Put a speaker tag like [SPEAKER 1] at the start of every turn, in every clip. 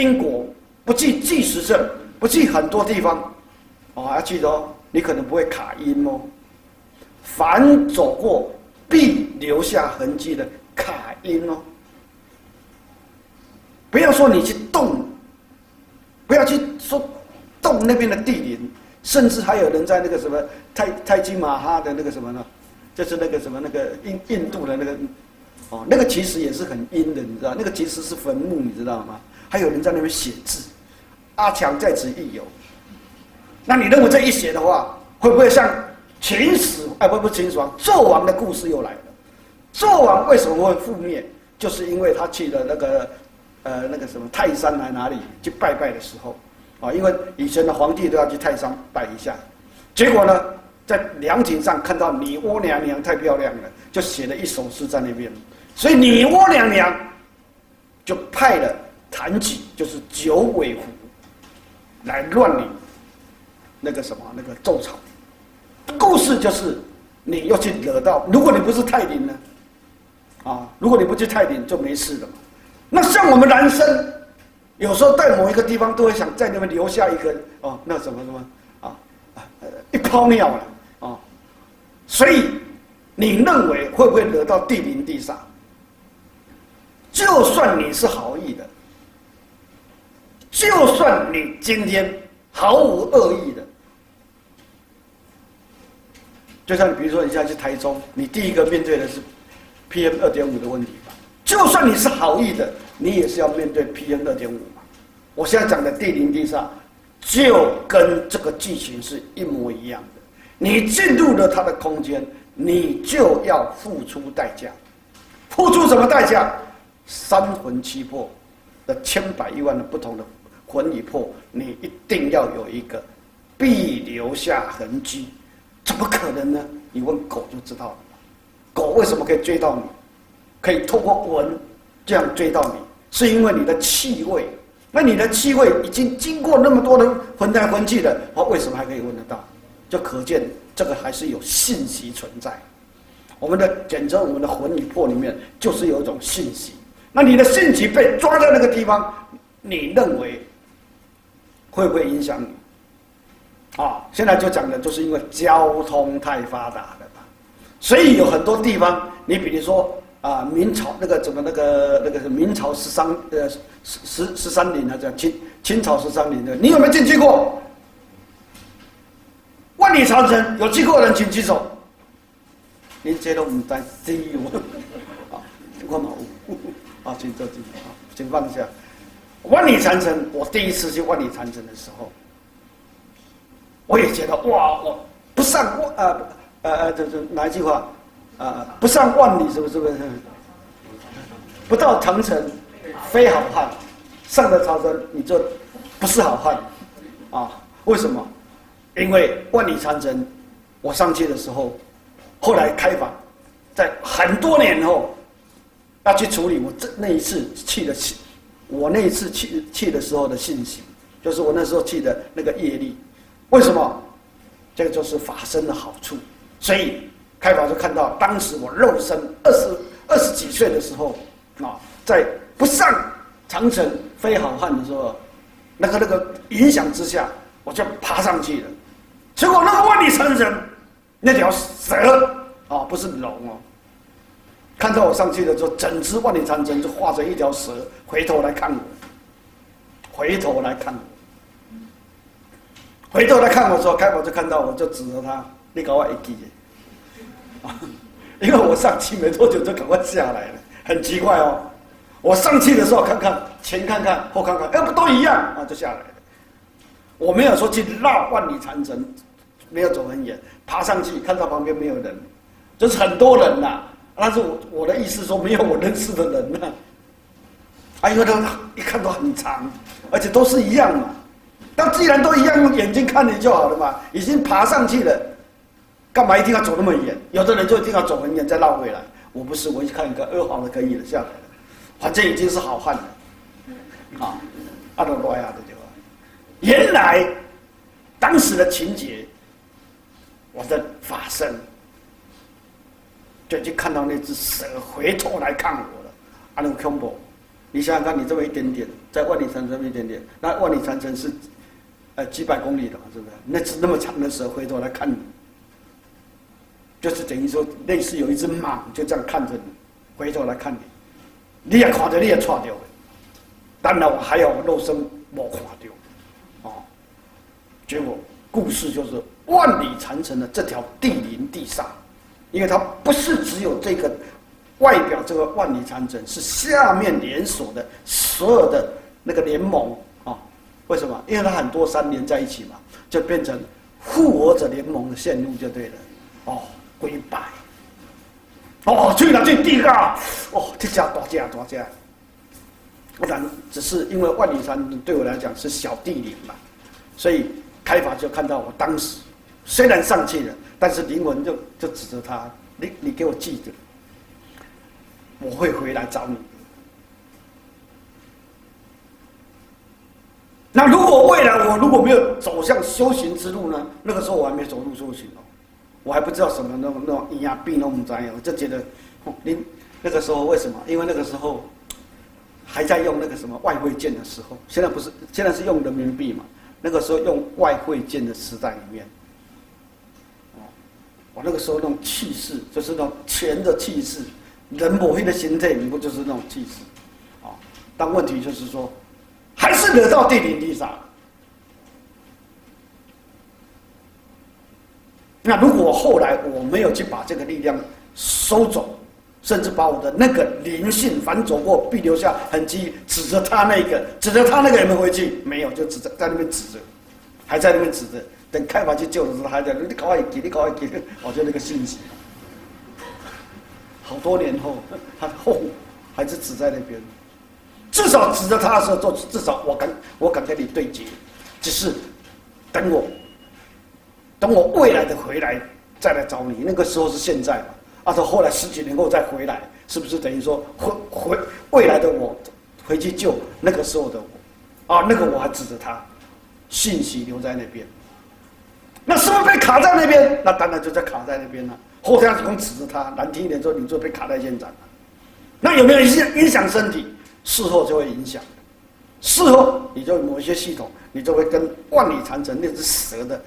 [SPEAKER 1] 因果不計計時，證，不計很多地方哦，還、啊、記得哦？你可能不會卡陰哦。凡走過，必留下痕跡的卡陰哦。不要說你去動，不要去說動那邊的地靈，甚至還有人在那個什麼泰泰姬瑪哈的那個什麼呢？就是那個什麼那個印印度的那個哦，那個其實也是很陰的，你知道？那個其實是墳墓，你知道嗎？還有人在那邊寫字，阿強在此一遊。那你認為這一寫的話，會不會像秦始啊不不，秦始皇紂王的故事又來了？紂王為什麼會覆滅？就是因為他去了那個，呃，那個什麼泰山來哪裡去拜拜的時候啊、哦，因為以前的皇帝都要去泰山拜一下。結果呢，在涼亭上看到女媧娘娘太漂亮了，就寫了一首詩在那邊。所以女媧娘娘就派了。談起就是九尾狐來亂你那個什麼那個咒草，故事就是你要去惹到，如果你不是太靈呢，啊，如果你不去太靈就沒事了嘛。那像我們男生，有時候在某一個地方都會想在那邊留下一根哦，那什麼什麼啊，一泡尿了啊。所以你認為會不會惹到地靈地煞？就算你是好意的。就算你今天毫無惡意的，就像你比如說你現在去台中，你第一個面對的是 PM 二點五的問題吧。就算你是好意的，你也是要面對 PM 二點五吧。我現在講的地靈地煞，就跟這個劇情是一模一樣的。你進入了它的空間，你就要付出代價。付出什麼代價？三魂七魄的，千百億萬的不同的。魂與魄，你一定要有一個必留下痕跡，怎麼可能呢？你問狗就知道了。狗為什麼可以追到你，可以透過聞這樣追到你？是因為你的氣味。那你的氣味已經經過那麼多人混來混去的，我為什麼還可以聞得到？就可見這個還是有信息存在。我們的簡稱我們的魂與魄裡面就是有一種信息。那你的信息被抓在那個地方，你認為？會不會影響你？啊、哦，現在就講的就是因為交通太發達了，所以有很多地方，你比如說啊、呃，明朝那個怎麼那個那個是明朝十三呃十十十三陵啊，這樣清清朝十三陵的，你有沒有進去過？萬里長城有去過的人請舉手。覺得我們在第一我啊，我、哦、好啊，請坐，請、啊、請放下。萬里長城，我第一次去萬里長城的時候，我也覺得哇，我不上萬啊啊啊！這、呃、這、呃呃呃、哪一句話啊、呃？不上萬里是不是不是？不到長城非好漢，上了長城你就不是好漢啊？為什麼？因為萬里長城，我上去的時候，後來開放，在很多年後要去處理我這那一次去的。我那一次去去的時候的信息，就是我那時候去的那個業力，為什麼？這個就是法身的好處。所以開法就看到，當時我肉身二十二十幾歲的時候，啊、哦，在不上長城非好漢的時候，那個那個影響之下，我就爬上去了。結果那個萬里長城，那條蛇啊、哦，不是龍哦。看到我上去的時候，整隻萬里長城就化成一條蛇，回頭來看我，回頭來看我，回頭來看我。嗯、回頭來看我的時候，開門就看到我就指着他，你搞我一記、啊、因為我上去沒多久就趕快下來了，很奇怪哦。我上去的時候看看前看看後看看，哎、欸、不都一樣啊？就下來了。我沒有說去繞萬里長城，沒有走很遠，爬上去看到旁邊沒有人，這、就是很多人吶、啊。但是我我的意思說沒有我認識的人呢、啊，哎呦，有的人一看都很長，而且都是一樣嘛。那既然都一樣，用眼睛看你就好了嘛。已經爬上去了，幹嘛一定要走那麼遠？有的人就一定要走很遠再繞回來。我不是，我一看一個二皇的可以了，下來了，反正已經是好漢了。啊，阿這句話，原來當時的情節，我的法身。就去看到那隻蛇回頭來看我了，啊，那恐怖！你想想看，你這麼一點點，在萬里長城這麼一點點，那萬里長城是，呃，幾百公里的嘛，是不是？那隻那麼長的蛇回頭來看你，就是等於說，類似有一隻蟒就這樣看着你，回頭來看你，你也垮掉，你也垮掉的。當然，我還有肉身沒垮掉，哦。結果，故事就是萬里長城的這條地靈地煞。因為它不是只有這個外表這個萬里長城，是下面連鎖的所有的那個聯盟啊、哦。為什麼？因為它很多山連在一起嘛，就變成復活者聯盟的線路就對了。哦，歸敗。哦，去哪去地嘎，哦，這家多家多家不然只是因為萬里長城對我來講是小地理嘛，所以開發就看到我當時雖然上去了。但是靈魂就就指着他，你你給我記着，我會回來找你。那如果未來我如果沒有走向修行之路呢？那個時候我還沒走入修行哦，我還不知道什麼那種那種陰陽那弄災呀，我就覺得你那個時候為什麼？因為那個時候還在用那個什麼外匯券的時候，現在不是現在是用人民幣嘛？那個時候用外匯券的時代裡面。啊，我、哦、那個時候那種氣勢，就是那種錢的氣勢，人抹黑的心態，你不就是那種氣勢？啊、哦，但問題就是說，還是惹到地靈地煞。那如果後來我沒有去把這個力量收走，甚至把我的那個靈性反走過，必留下痕跡，指着他那個，指着他那個有沒有回去，沒有，就指着在，在那邊指着，還在那邊指着。等開發去救的時候，還在你搞埃及，你搞埃及，我就那個信息，好多年後，他哦，還是指在那邊，至少指着他的時候做，至少我敢，我敢跟，跟你對接，只是等我，等我未來的回來再來找你，那個時候是現在嘛？啊，說後來十幾年後再回來，是不是等於說回回未來的我回去救那個時候的我？啊，那個我還指着他，信息留在那邊。如果被卡在那邊，那當然就在卡在那邊了。後天子公指着他，難聽一點說，你就被卡在現場了。那有沒有影影響身體？事後就會影響。事後你就某一些系統，你就會跟萬里長城那只蛇的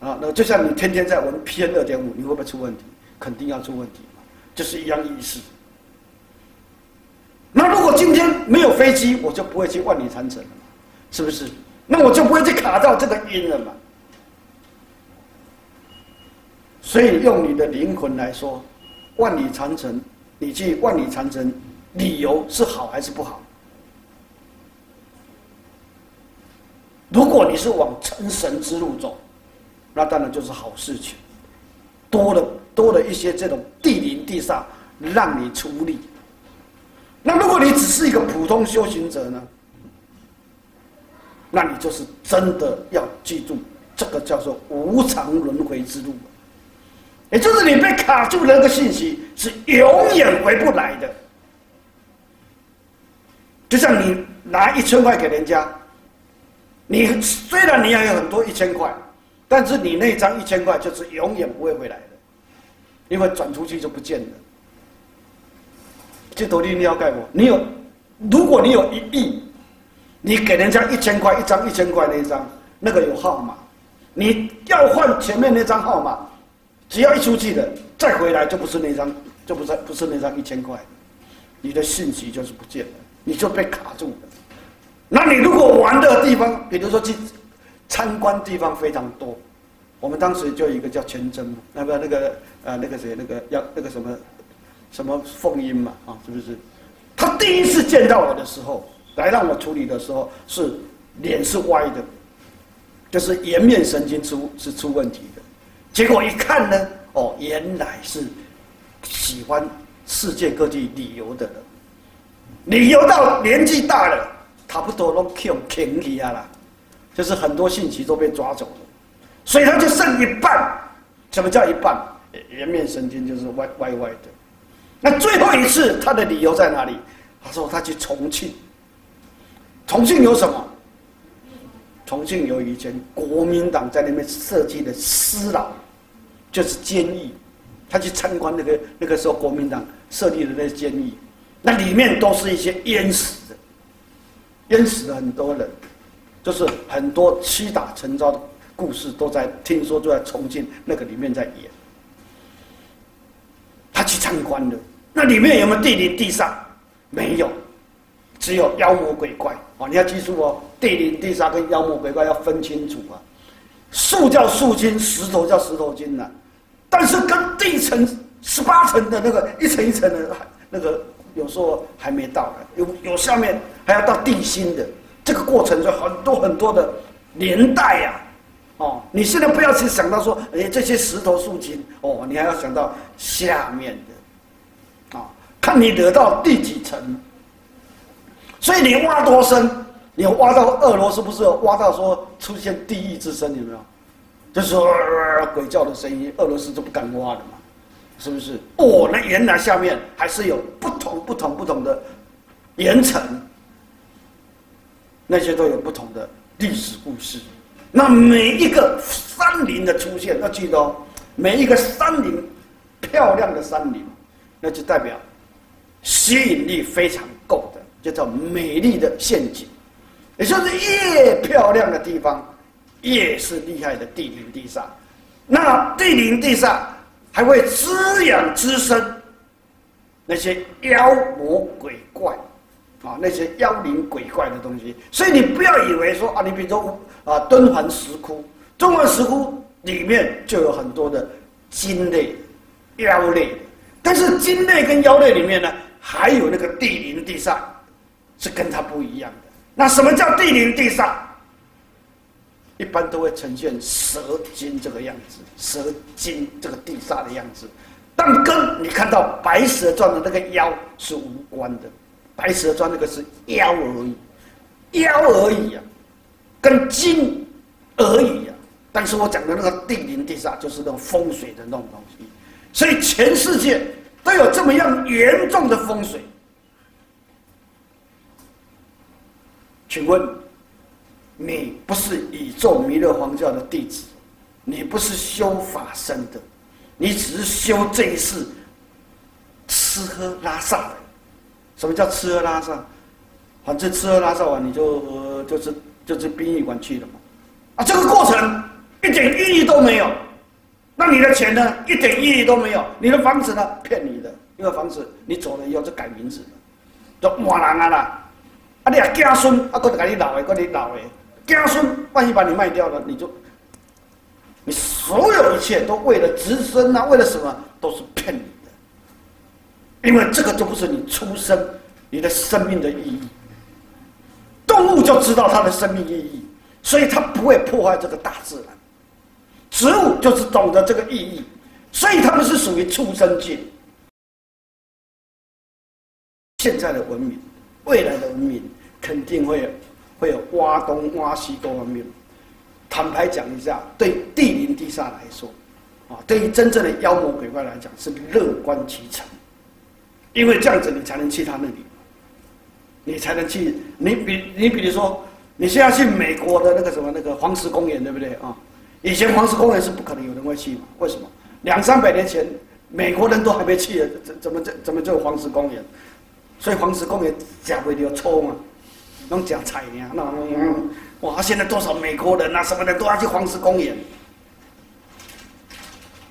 [SPEAKER 1] 啊，那就像你天天在玩 PM 二點五，你會不會出問題？肯定要出問題嘛，這，就是一樣意思。那如果今天沒有飛機，我就不會去萬里長城了，是不是？那我就不會去卡到這個音了嘛。所以，用你的靈魂來說，萬里長城，你去萬里長城旅遊是好還是不好？如果你是往成神之路走，那當然就是好事情，多了多了一些這種地靈地煞讓你出力。那如果你只是一個普通修行者呢？那你就是真的要記住，這個叫做無常輪回之路。也就是你被卡住了，那個信息是永遠回不來的。就像你拿一千塊給人家，你雖然你還有很多一千塊，但是你那張一,一千塊就是永遠不會回來的，因為轉出去就不見了。這頭、個、你你要看我，你有，如果你有一億，你給人家一千塊一張，一,一千塊那一張那個有號碼，你要換前面那張號碼。只要一出去的，再回來就不是那張，就不是不是那張一,一千塊，你的信息就是不見了，你就被卡住了。那你如果玩的地方，比如說去參觀地方非常多，我們當時就有一個叫全真嘛，那個、呃、那個呃那個誰那個要那個什麼什麼鳳英嘛啊，是不是？他第一次見到我的時候，來讓我處理的時候，是臉是歪的，就是顏面神經出是出問題的。結果一看呢，哦，原來是喜歡世界各地旅遊的人，
[SPEAKER 2] 旅遊到年紀大
[SPEAKER 1] 了，差不多都窮窮起來了啦，就是很多信息都被抓走了，所以他就剩一半。什麼叫一半？顏面神經就是歪歪歪的。那最後一次他的旅遊在哪裡？他說他去重慶。重慶有什麼？重慶有一間國民黨在那邊設計的私牢，就是監獄，他去參觀那個那個時候國民黨設立的那監獄，那裡面都是一些淹死的，淹死了很多人，就是很多屈打成招的故事都在聽說就在重慶那個裡面在演，他去參觀了，那裡面有沒有地理地上？沒有，只有妖魔鬼怪。哦，你要記住哦，地靈地煞跟妖魔鬼怪要分清楚啊。樹叫樹精，石頭叫石頭精啊。但是跟地層十八層的那個一層一層的，那個有時候還沒到呢。有有下面還要到地心的，這個過程就很多很多的年代呀，啊。哦，你現在不要去想到說，哎，這些石頭樹精，哦，你還要想到下面的，啊，哦，看你得到第幾層。所以你挖多深，你挖到俄羅斯不是挖到說出現地獄之聲？有沒有？就是說、呃呃呃、鬼叫的聲音，俄羅斯都不敢挖的嘛，是不是？哦，那原來下面還是有不同不同不同的岩層，那些都有不同的歷史故事。那每一個山林的出現，要記得哦，每一個山林漂亮的山林，那就代表吸引力非常夠。叫做美麗的陷阱，也就是越漂亮的地方，越是厲害的地靈地煞。那地靈地煞還會滋養滋生那些妖魔鬼怪，啊，那些妖靈鬼怪的東西。所以你不要以為說啊，你比如說啊，敦煌石窟，敦煌石窟裡面就有很多的精類、妖類，但是精類跟妖類裡面呢，還有那個地靈地煞。是跟它不一樣的。那什麼叫地靈地煞？一般都會呈現蛇精這個樣子，蛇精這個地煞的樣子。但跟你看到《白蛇傳》的那個妖是無關的，《白蛇傳》那個是妖而已，妖而已啊，跟精而已啊。但是我講的那個地靈地煞，就是那種風水的那種東西。所以全世界都有這麼樣嚴重的風水。請問，你不是宇宙彌勒皇教的弟子，你不是修法身的，你只是修這一世吃喝拉撒的。什麼叫吃喝拉撒？反正吃喝拉撒你就、呃、就是就是殯儀館去了嘛。
[SPEAKER 2] 啊，這個過程
[SPEAKER 1] 一點意義都沒有。那你的錢呢？一點意義都沒有。你的房子呢？騙你的，因為房子你走了以後就改名字了，就瓦然啊了。啊，你要啊，家孫啊，哥給你老的，給你老的。家孫，萬一把你賣掉了，你就，你所有一切都為了自身啊，為了什麼？都是騙你的。因為這個就不是你出生，你的生命的意義。動物就知道它的生命意義，所以它不會破壞這個大自然。植物就是懂得這個意義，所以它們是屬於出生界。現在的文明，未來的文明。肯定會有，會有挖東挖西各方面。坦白講一下，對地靈地煞來說，啊，對於真正的妖魔鬼怪來講是樂觀其成，因為這樣子你才能去他那裡，你才能去。你比你比如說，你現在去美國的那個什麼那個黃石公園，對不對啊？以前黃石公園是不可能有人會去嘛？為什麼？兩三百年前美國人都還沒去，怎怎麼就怎怎麼就黃石公園？所以黃石公園假不了抽嘛。能講彩呢？那嗯，嗯，嗯，哇！現在多少美國人啊，什麼的都要去黃石公園。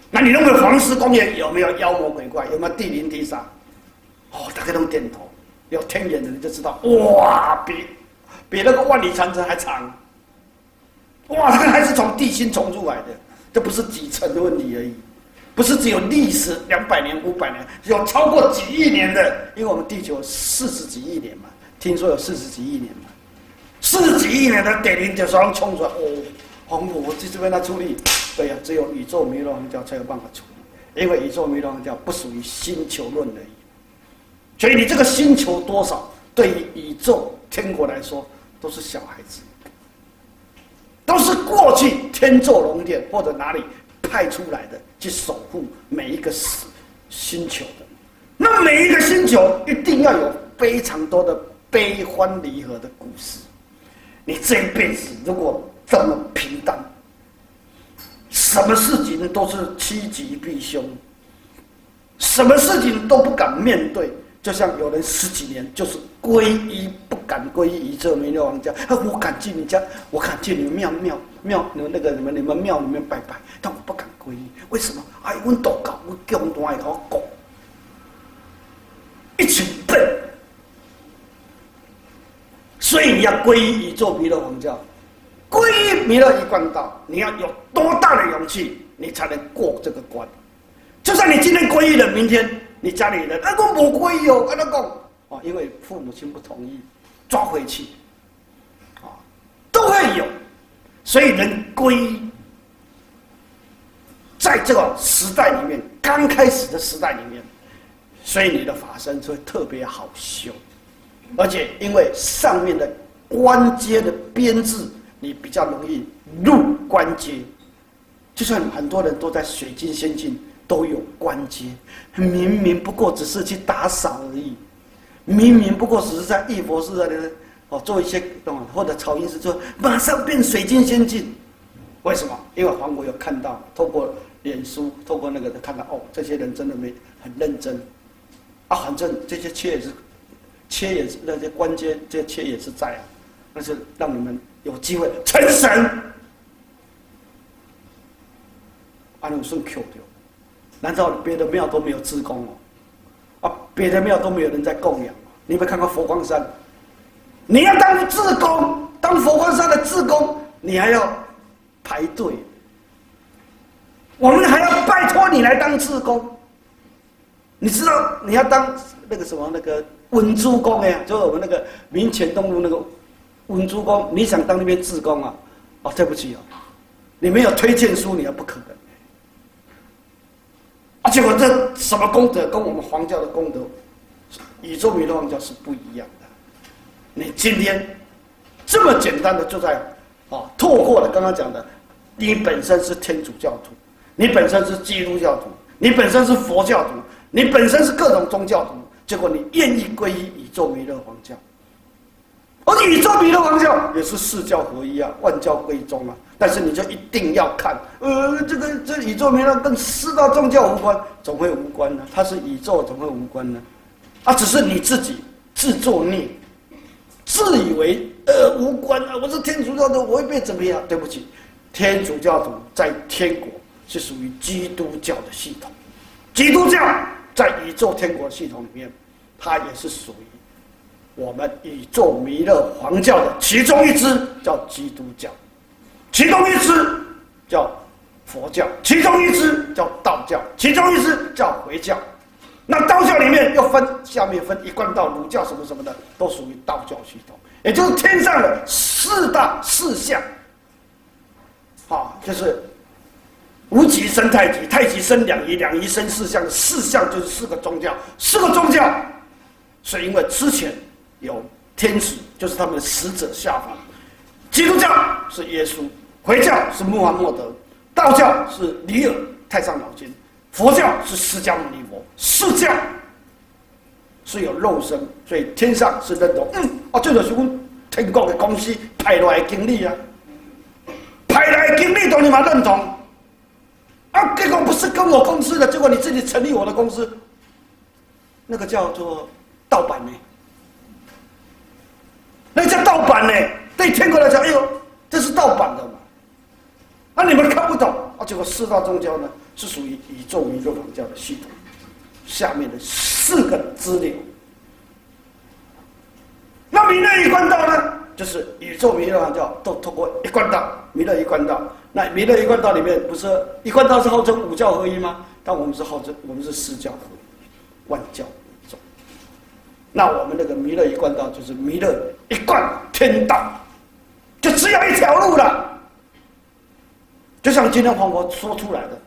[SPEAKER 1] 那你認為黃石公園有沒有妖魔鬼怪？有沒有地靈地煞？哦，大家都點頭。有天眼的人就知道，哇，比比那個萬里長城還長。哇，這個還是從地心衝出來的，這不是幾層的問題而已，不是只有歷史兩百年、五百年，有超過幾億年的，因為我們地球四十幾億年嘛。聽說有四十幾億年嘛，四十幾億年的點零就雙上衝出來哦，紅火我繼續為他處理。對呀、啊，只有宇宙彌勒皇教才有辦法處理，因為宇宙彌勒皇教不屬於星球論而已，所以你這個星球多少，對於宇宙天國來說都是小孩子，都是過去天作龍殿或者哪裡派出來的去守護每一個星星球的，那每一個星球一定要有非常多的。悲歡離合的故事，你這一輩子如果這麼平淡，什麼事情呢？都是趨吉避凶，什麼事情都不敢面對。就像有人十幾年就是皈依，不敢皈依宇宙彌勒王家。我敢進你家，我敢進你們廟廟廟，你們那個你們你們廟裡面拜拜，但我不敢皈依。為什麼？哎，我禱告，我求我愛好狗所以你要皈依宇宙彌勒皇教，皈依彌勒一貫道，你要有多大的勇氣，你才能過這個關。
[SPEAKER 2] 就算你今天皈依
[SPEAKER 1] 了，明天你家裡人阿公不皈依哦，阿德公哦，因為父母親不同意，抓回去，啊、哦，都會有。所以能皈依，在這個時代裡面，剛開始的時代裡面，所以你的法身會特別好修。而且因為上面的關節的編制，你比較容易入關節。就算很多人都在水晶仙境都有關節，明明不過只是去打掃而已，明明不過只是在義佛寺那裡哦做一些哦或者抄經時，就馬上變水晶仙境。為什麼？因為黃國有看到，透過臉書，透過那個人看到哦，這些人真的沒很認真啊，反正這些確實切也是那些關鍵，這些切也是在、啊，那是讓你們有機會成神。阿彌陀佛，難道別的廟都沒有志工哦、啊？啊，別的廟都沒有人在供養、啊。你們有沒有看過佛光山，你要當志工，當佛光山的志工，你還要排隊。我們還要拜托你來當志工。你知道你要當那個什麼那個？文殊宮哎，就是我們那個民權東路那個文殊宮，你想當那邊志工啊？哦，對不起哦，你沒有推薦書，你也不可能。而且我這什麼功德，跟我們皇教的功德，宇宙彌勒皇教是不一樣的。你今天這麼簡單的就在啊、哦，透過了剛剛講的，你本身是天主教徒，你本身是基督教徒，你本身是佛教徒，你本身是各種宗教徒。結果你願意皈依宇宙彌勒皇教，
[SPEAKER 2] 而宇宙彌勒皇教
[SPEAKER 1] 也是四教合一啊，萬教歸宗啊。但是你就一定要看，呃，這個這個、宇宙彌勒跟四大宗教無關，怎麼會無關呢？啊。它是宇宙，怎麼會無關呢？啊？啊，只是你自己自作孽，自以為呃無關啊。我是天主教徒，我會被怎麼樣？對不起，天主教徒在天國是屬於基督教的系統，基督教在宇宙天國系統裡面。它也是屬於我們宇宙彌勒皇教的其中一支，叫基督教，其中一支叫佛教，其中一支叫道教，其中一支叫回教。那道教裡面又分下面分一貫道、儒教什麼什麼的，都屬於道教系統，也就是天上的四大四象。好，就是無極生太極，太極生兩儀，兩儀生四象，四象就是四個宗教，四個宗教。是因為之前有天使，就是他們的使者下凡。基督教是耶穌，回教是穆罕默德，道教是尼爾太上老君，佛教是釋迦牟尼佛。四教是有肉身，所以天上是認同。嗯，哦、啊，這就是我天國的公司派來的經歷啊，派來的經歷都你們認同？啊，這個不是跟我公司的，結果你自己成立我的公司，那個叫做。盜版呢？那叫盜版呢？對天國來講，哎呦，這是盜版的嘛？那、啊、你們看不懂啊？結果四大宗教呢，是屬於宇宙彌勒皇教的系統，下面的四個支流。那彌勒一貫道呢，就是宇宙彌勒皇教都通過一貫道，彌勒一貫道。那彌勒一貫道裡面不是一貫道是號稱五教合一嗎？但我們是號稱我們是四教合一，萬教。那我們那個彌勒一貫道就是彌勒一貫，一貫天道，就只要一條路了。就像今天黃國說出來的，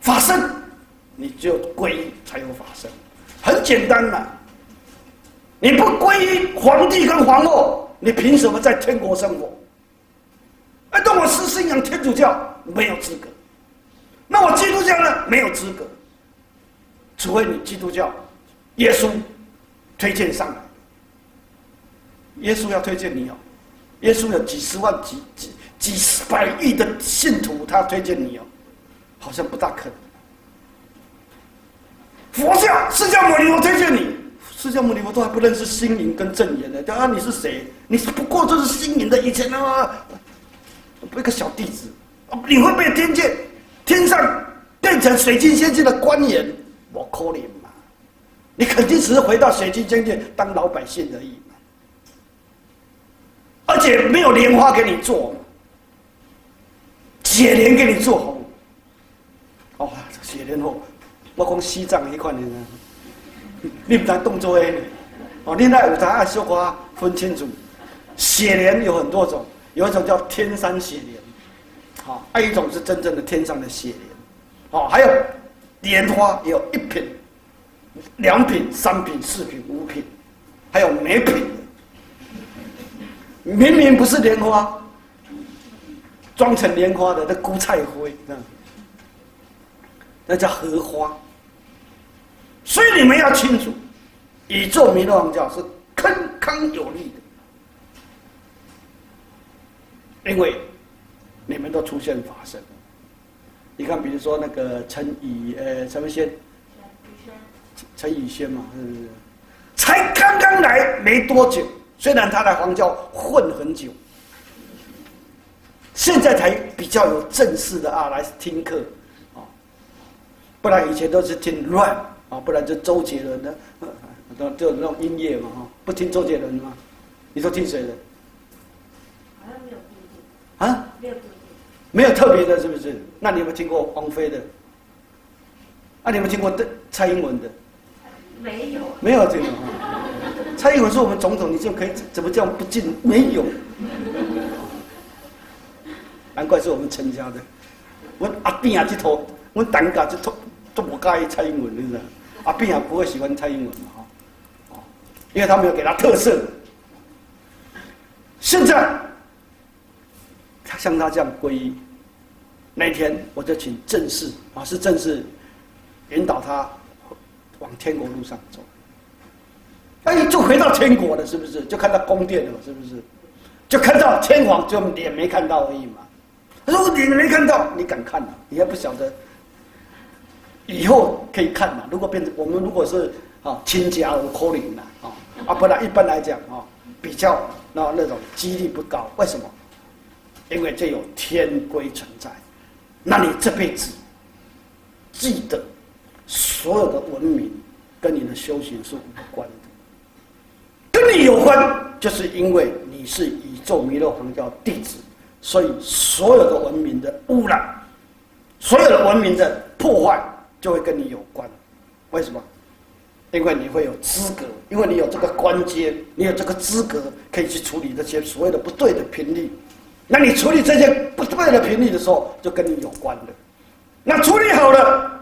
[SPEAKER 1] 法身，你只有皈依才有法身，很簡單嘛。你不皈依皇帝跟皇後，你憑什麼在天國生活？哎，那我是信仰天主教，沒有資格。那我基督教呢，沒有資格。除非你基督教，耶穌。推薦上來，耶穌要推薦你哦，耶穌有幾十萬、幾幾幾十百億的信徒，他推薦你哦，好像不大可能。佛教釋迦牟尼，我推薦你，釋迦牟尼我都還不認識星雲跟證嚴呢，他說你是誰？你不過就是星雲的以前那不一個小弟子，你會被天界天上變成水晶仙境的官員，我可憐。你肯定只是回到雪域邊界當老百姓而已，而且沒有蓮花給你做，雪蓮給你做哦。哦，雪蓮哦，我講西藏那塊的人，另外動作哎，哦，另外有咱二說？話分清楚，雪蓮有很多種，有一種叫天山雪蓮，好、啊，一種是真正的天上的雪蓮，哦，還有蓮花有一品。兩品、三品、四品、五品，還有沒品的，明明不是蓮花，裝成蓮花的那枯菜灰那，那叫荷花。所以你們要清楚，宇宙彌勒王教是鏗鏘有力的，因為你們都出現法身。你看，比如說那個陳宇，呃，陳文先。陳宇軒嘛，是不是？才剛剛來沒多久，雖然他來黃教混很久，現在才比較有正式的啊來聽課，啊，不然以前都是聽亂啊，不然就周杰倫的，就那種音樂嘛，哈，不聽周杰倫的嗎？你都聽誰的？好像沒有啊，沒有特別的，是不是？那你有沒有聽過王菲的？那、啊、你有沒有聽過蔡英文的？沒有，沒有，沒有這啊！蔡英文是我們總統，你就可以怎麼這樣不敬？沒有，難怪是我們陳家的。我阿斌啊，這頭我膽敢就頭都不敢愛蔡英文，你知道？阿斌啊，不會喜歡蔡英文嘛，因為他沒有給他特色。現在他像他這樣皈依，那天我就請正式，我是正式引導他。往天國路上走，哎、欸，就回到天國了，是不是？就看到宮殿了，是不是？就看到天皇，就臉沒看到而已嘛。如果臉沒看到，你敢看吶、啊，你還不曉得，以後可以看嘛、啊。如果變成我們，如果是啊，親家或姻親了啊，啊，不然一般來講啊，比較那那種幾率不高。為什麼？因為這有天規存在，那你這輩子記得。所有的文明跟你的修行是無關的，跟你有關，就是因為你是宇宙彌勒皇教弟子，所以所有的文明的污染，所有的文明的破壞就會跟你有關。為什麼？因為你會有資格，因為你有這個關節，你有這個資格可以去處理這些所謂的不對的頻率。那你處理這些不對的頻率的時候，就跟你有關了。那處理好了。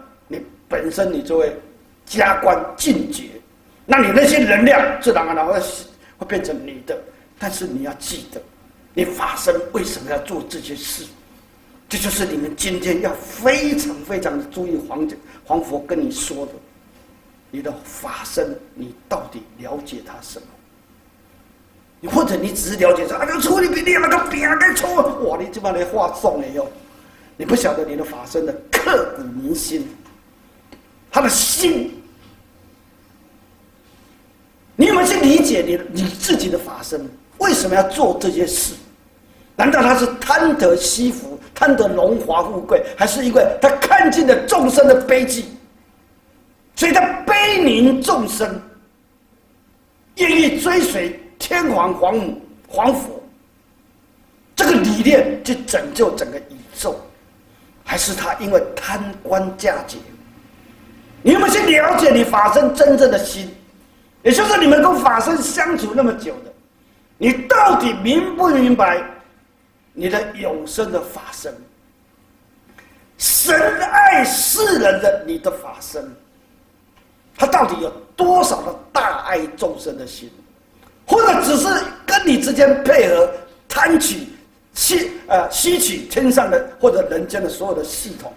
[SPEAKER 1] 本身你就會加官進爵，那你那些能量自然而然會會變成你的，但是你要記得，你法身為什麼要做這些事？這就是你們今天要非常非常的注意皇皇佛跟你說的，你的法身你到底了解他什麼？你或者你只是了解說啊，這個錯你別念了，這個別個錯，哇，你這幫人話重了喲，你不曉得你的法身的刻骨銘心。他的心，你有沒有去理解你你自己的法身？為什麼要做這些事？難道他是貪得西福、貪得榮華富貴，還是因為他看盡了眾生的悲劇，所以他悲憫眾生，願意追隨天皇、皇母、皇佛這個理念去拯救整個宇宙，還是他因為貪官嫁女？你有沒有去了解你法身真正的心，也就是你們跟法身相處那麼久了，你到底明不明白？你的有生的法身，神愛世人的你的法身，他到底有多少的大愛眾生的心？或者只是跟你之間配合，貪取吸呃吸取天上的或者人間的所有的系統，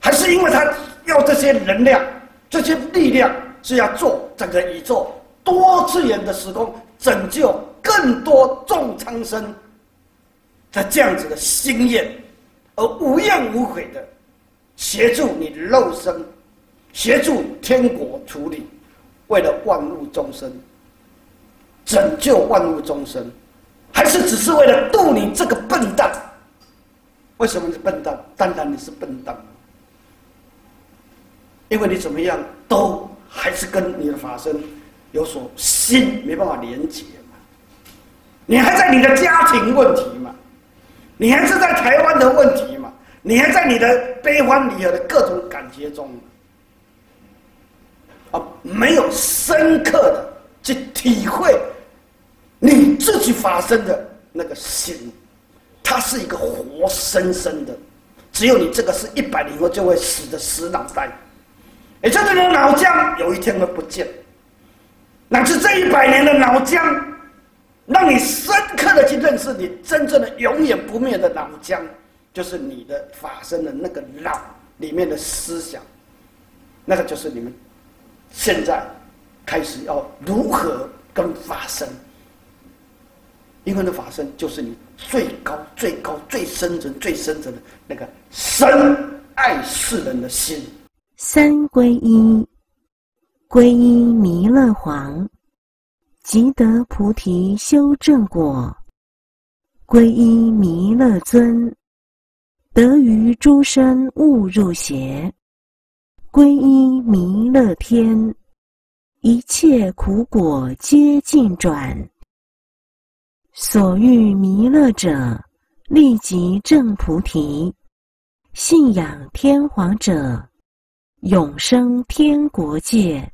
[SPEAKER 1] 還是因為他要這些能量？這些力量是要做整個宇宙多次元的時空，拯救更多眾蒼生，生，他這樣子的心願，而無怨無悔的協助你的肉身，協助天國處理。為了萬物眾生，拯救萬物眾生，還是只是為了渡你這個笨蛋？為什麼你是笨蛋？當然你是笨蛋。因為你怎麼樣都還是跟你的法身有所心沒辦法連結嘛，
[SPEAKER 2] 你還在你的家庭問題
[SPEAKER 1] 嘛，你還是在台灣的問題嘛，你還在你的悲歡離合的各種感覺中，啊，沒有深刻的去體會你自己法身的那個心，它是一個活生生的，只有你這個是一百年後就會死的死腦袋。也就是你的腦漿有一天會不見，乃至這一百年的腦漿，讓你深刻的去認識你真正的永遠不滅的腦漿，就是你的法身的那個腦裡面的思想，那個就是你們現在開始要如何跟法身，因為那法身就是你最高最高最深層最深層的那個神愛世人的心。三皈依，皈依彌勒皇，即得菩提修正果；皈依彌勒尊，得於諸身勿入邪；皈依彌勒天，一切苦果皆盡轉。所欲彌勒者，立即正菩提；信仰天皇者。永生天國界。